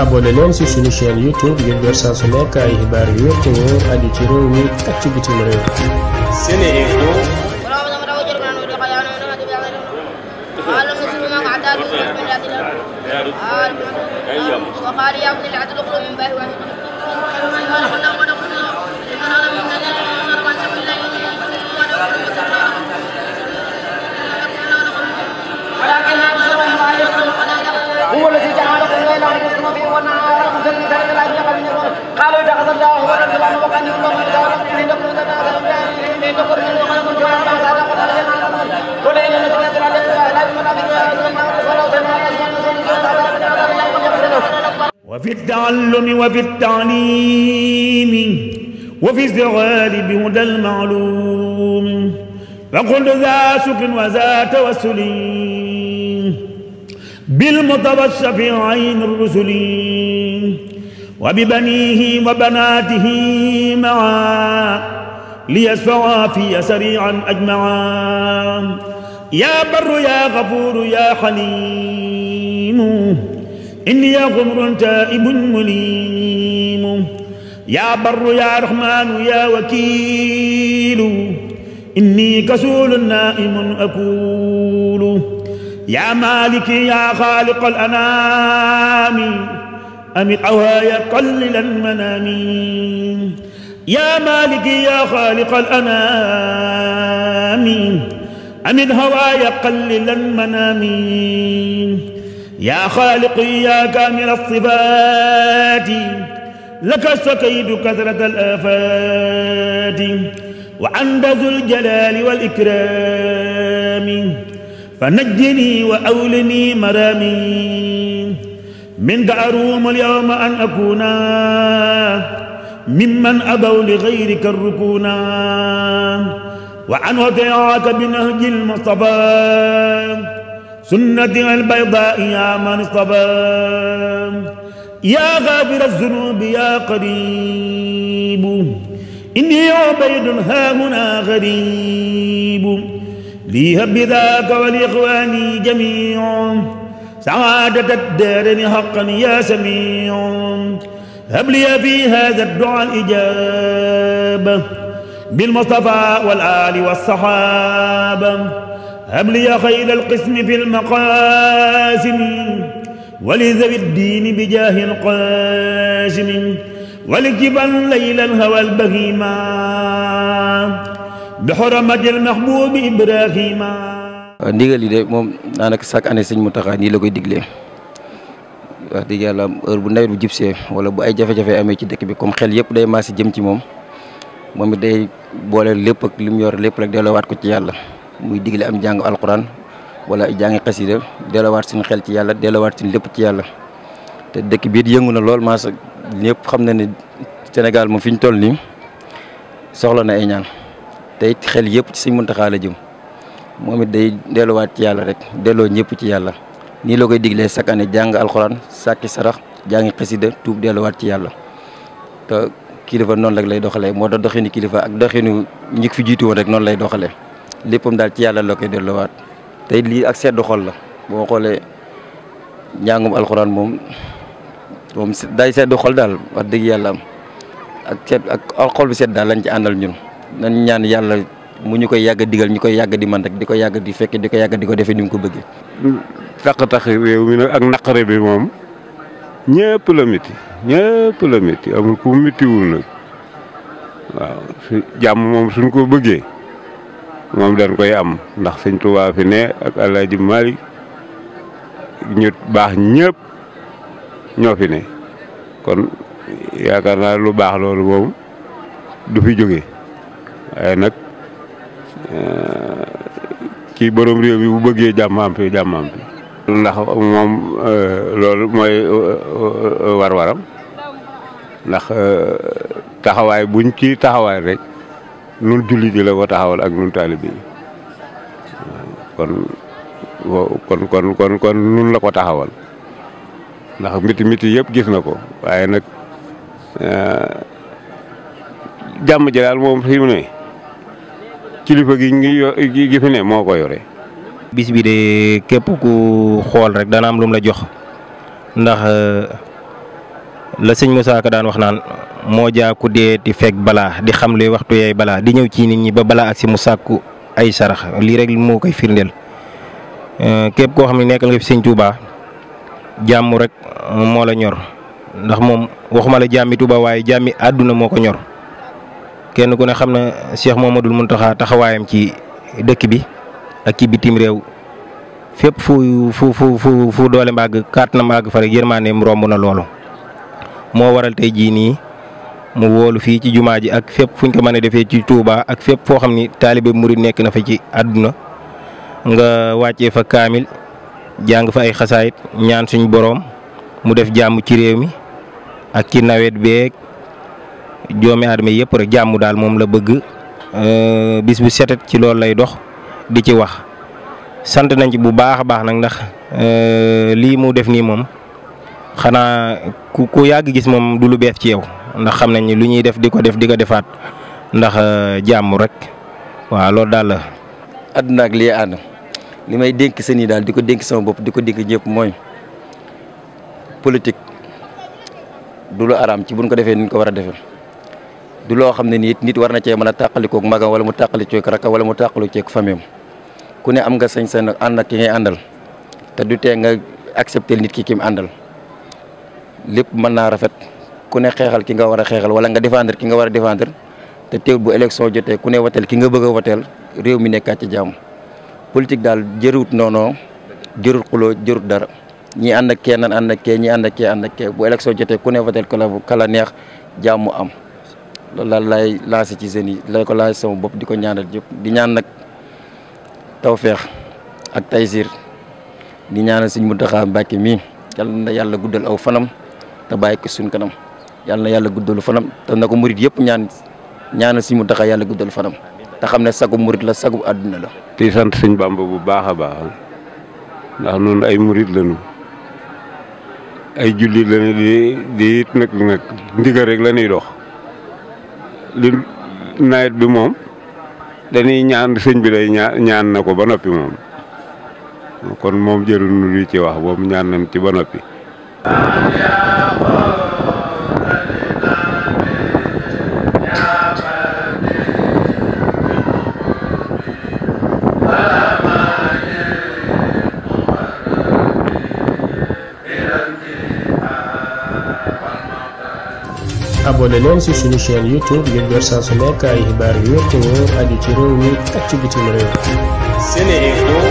abonné leen ci suñu chaîne YouTube ngir jot saa su nekk ay xibaar yu wér te wóor aju ci réew mi ak ci bitim réew. SeneInfo. وقال يا بني لا تدخلوا من باب واحد وفي التعلم وفي التعليم وفي الزغال بهدى المعلوم فقل ذا شكر وذا توسل بالمتوسف عين الرسل وببنيه وبناته معا ليسفوا في سريعا أجمعا يا بر يا غفور يا حليم إني غمر تائب مليم يا بر يا رحمن يا وكيل إني كسول نائم أكول yaa maaliki yaa xaaliqal anaami amit awaaya qallilan manaami yaa maaliki yaa xaaliqal anaami amit awaaya qallilan manaami yaa xaaliqi yaa kaamila sifaati laka sakaytu kasratal aafaati wa anta zul jalaali wal ikraami فنجني وأولني مرامي منك أروم اليوم أن أكون ممن أبوا لغيرك الركونا وعن وطيعك بنهج المصطفى سنة البيضاء يا من اصطفى يا غافر الذنوب يا قريب إني عبيد ها هنا غريب لي هب ذاك والإخوان جميع سعادة الدارين حقا يا سميع هب لي في هذا الدعاء الإجابة بالمصطفى والآل والصحابة هب لي خير القسم في المقاسم ولذوي الدين بجاه القاسم ولكبا ليلا هوى البهيمه bi xoramatil mahbuubi Ibrahima. ndigal yi de moom daanaka chaque année sëñ Mountakha nii la koy diglee wax dëgg yàlla heure bu nawet bu jibsee wala bu ay jafe-jafe amee ci dëkk bi comme xel yëpp day maasi jëm ci moom moom it day boole lépp ak li mu yor lépp rek delloowaat ko ci yàlla muy digle am jàng alquran wala jàngi xasida delloowaat suñu xel ci yàlla delloowaat suñu lépp ci yàlla te dëkk bi it yëngu na lool maasa ñëpp xam na ne Sénégal moom fi ñu toll nii soxla na ay ñaan. te it xel yëpp ci Sëñ Muntaxa la jëm moom it day delluwaat ci yàlla rek delloo ñëpp ci yàlla nii la koy diglee chaque année jàng alxuraan sàkki sarax jàngi xasida tuub delluwaat ci yàlla te kilifa noonu rek lay doxalee moo tax doxinu kilifa ak doxinu ñi fi jiitu woon rek noon lay doxalee léppam daal ci yàlla la koy delluwaat tey lii ak seddu xol la boo xoolee njàngum alxuraan moom moom day seddu xol daal wax dëgg yàlla am ak seet ak xol bi sedd daal lañ ci àndal ñun. nañ ñaan yàlla mu ñu koy yàgg digal ñu koy yàgga di man rek di ko yàgg di fekk di ko yàgg di ko defee ni mu ko bëggee. taq-taq réew mi nag ak naqare bi moom ñëpp la métti ñëpp la métti amul ku méttiwul nag waaw su jàmm moom suñ ko bëggee moom dañ koy am ndax sëñ Tuubaa fi ne ak El Hadj Malick ñu baax ñëpp ñoo fi ne kon yaakaar naa lu baax loolu moom du fi jógee. waaye nag ci eh, borom réew mi bu bëggee jàmm am fi jàmm fi ndax moom eh, loolu mooy eh, war-waram ndax taxawaay buñ ci taxawaay rek nun jullit yi la ko taxawal ak nun taalibe yi kon kon kon kon kon nun la ko taxawal ndax miti miti yëpp gis na ko waaye nag jàmm ji daal moom fi mu ne kilifa gi ngi gi fi ne moo ko yore. bis bi de képp ku xool rek dana am lu la jox ndax euh, la sëñ Moussa Ka daan wax naan moo jaa ku dee di fekk balaa di xam le waxtu yaay balaa di ñëw ci nit ñi ba balaa ak si mu sàkku ay sarax lii rek moo koy firndeel. Euh, képp koo xam ne nekkal nga fi sëñ Touba jàmm rek moo la ñor ndax moom waxuma la jàmmi Touba waaye jàmmi àdduna moo ko ñor. kenn ku ne xam na Cheikh Mouhamadoul Mountakha taxawaayam ci dëkk bi ak ci bitim réew fépp fu fu fu fu doole màgg kaat na màgg fa rek yërmaandeem romb na loolo moo waral tey jii nii mu woolu fii ci jumaa ji ak fépp fuñ ko mën a defee ci Touba ak fépp foo xam ni taalibe murid nekk na fa ci àdduna nga wàccee fa kaamil jàng fa ay xasaayit ñaan suñ boroom mu def jàmm ci réew mi ak ci nawet beeg joomi aadama yëpp rek jàmm daal moom la bëgg euh, bis bu setet ci loolu lay dox di ci wax sant nañ ci bu baax a baax nag ndax euh, lii mu def nii moom xanaa ku ku yàgg gis moom du lu bees ci yow ndax xam nañ ni lu ñuy def di ko def di ko defaat ndax euh, jàmm rek waaw loolu daal la. àdduna ak lii ànd li may dénk seen yi daal di ko dénk sama bopp di ko dénk ñëpp mooy politik du lu araam ci buñ ko defee ni ñu ko war a defee. du loo xam ne nii nit war na cee mën a tàqalikoog magam wala mu tàqalikoog rakka wala mu tàqalikoog famille ku ne am nga sañ-sañ ànd ak ki àndal te du tee nga accepté nit ki ki mu àndal lépp mën naa rafet ku ne xeexal ki nga war a xeexal wala nga défendre ki nga war a défendre te teew bu élection jotee ku ne woteel ki nga bëgg a woteel réew mi nekkaat ci jàmm politique daal jëruwut noono jërut xuloo jërut dara ñi ànd ak kee nan ànd ak kee ñi ànd ak kee ànd bu élection jotee ku ne woteel kala kala neex jàmm am loolu daal laay lancé ci jeunes yi lay ko laaj sama bopp di ko ñaanal yëpp di ñaan nag tawfeex ak taysir di ñaanal suñ Muntaxa Mbàkke mii yal na yàlla guddal aw fanam te bàyyi ko suñ kanam yal yàlla guddalu fanam na ko murit yëpp ñaan ñaanal suñ Muntaxa yàlla guddalu fanam te xam ne sagu murit la sagu àdduna la. di sant sëñ Bamba bu baax a baax ndax noonu ay murit lañu ay jullit lañu di di it nag nag ndigal rek la ñuy dox. li nawet bi moom dañuy ñaan sëñ bi day ñaan ñaan na ko ba noppi moom kon moom jëruñu lu ci wax boobu ñaan nañ ci ba noppi. abonné leen ci suñu chaîne YouTube ngir jot saa su ay xibaar yu wér te wóor aju ci réew